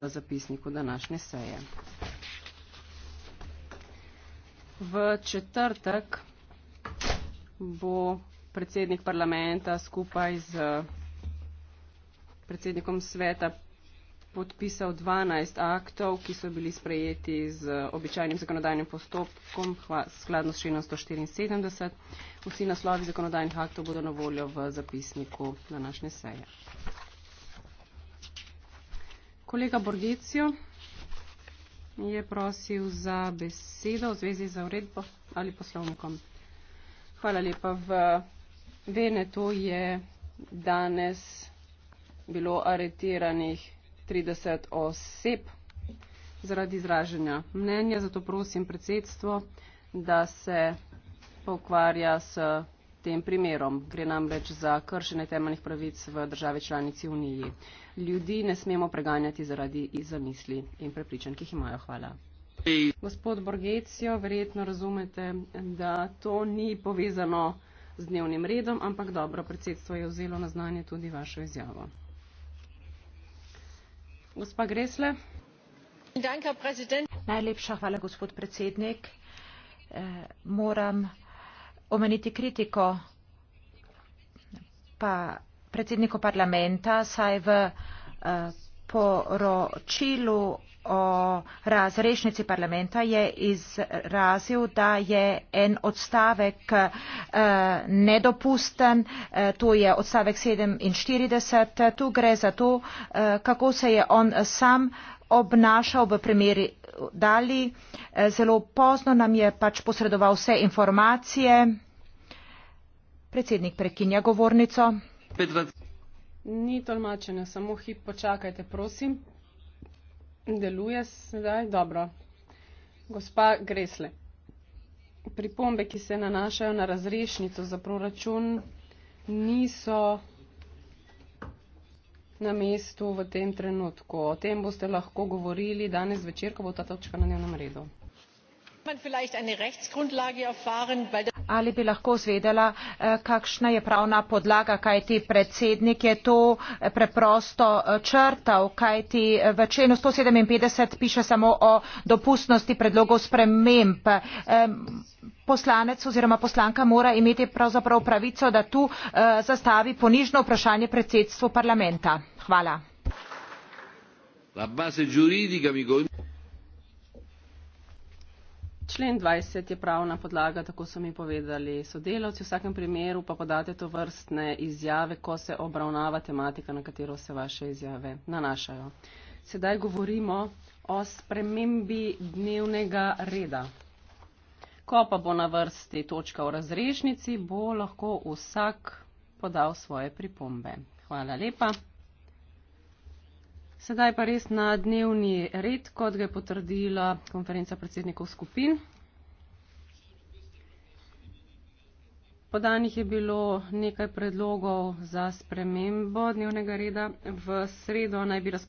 v zapisniku današnje seje. V četrtek bo predsednik parlamenta skupaj z predsednikom sveta podpisal 12 aktov, ki so bili sprejeti z običajnim zakonodajnim postopkom skladno s 1674. Vsi naslovi zakonodajnih aktov bodo na voljo v zapisniku današnje seje. Kolega Borgecijo je prosil za besedo v zvezi za uredbo ali poslovnikom. Hvala lepa. V Veneto je danes bilo aretiranih 30 oseb zaradi izraženja mnenja, zato prosim predsedstvo, da se pokvarja s tem primerom. Gre namreč za kršene temeljnih pravic v državi članici Uniji. Ljudi ne smemo preganjati zaradi zamisli in prepričanj, ki jih imajo. Hvala. Gospod Borgecijo, verjetno razumete, da to ni povezano z dnevnim redom, ampak dobro, predsedstvo je vzelo na znanje tudi vašo izjavo. Gospa Gresle. Danka, Najlepša hvala, gospod predsednik. Eh, moram omeniti kritiko pa predsedniku parlamenta, saj v eh, poročilu o razrešnici parlamenta je izrazil, da je en odstavek eh, nedopusten, eh, tu je odstavek 47, tu gre za to, kako se je on sam obnašal v primeri dali. Eh, zelo pozno nam je pač posredoval vse informacije. Predsednik prekinja govornico. Ni tolmačenja, samo hip počakajte, prosim. Deluje sedaj? Dobro. Gospa Gresle, pripombe, ki se nanašajo na razrešnico za proračun, niso na mestu v tem trenutku. O tem boste lahko govorili danes večer, ko bo ta točka na dnevnem redu. Ali bi lahko zvedela, eh, kakšna je pravna podlaga, kaj ti predsednik je to eh, preprosto eh, črtal, kaj ti v členu 157 piše samo o dopustnosti predlogov sprememb poslanec oziroma poslanka mora imeti pravzaprav pravico da tu eh, zastavi ponižno vprašanje predsedstvu parlamenta. člen dvajset je pravna podlaga tako so mi povedali sodelavci v vsakem primeru pa podate tovrstne izjave ko se obravnava tematika na katero se vaše izjave nanašajo. sedaj govorimo o spremembi dnevnega reda. Ko pa bo na vrsti točka v razrešnici, bo lahko vsak podal svoje pripombe. Hvala lepa. Sedaj pa res na dnevni red, kot ga je potrdila konferenca predsednikov skupin. Podanih je bilo nekaj predlogov za spremembo dnevnega reda. V sredo naj bi razpravljali.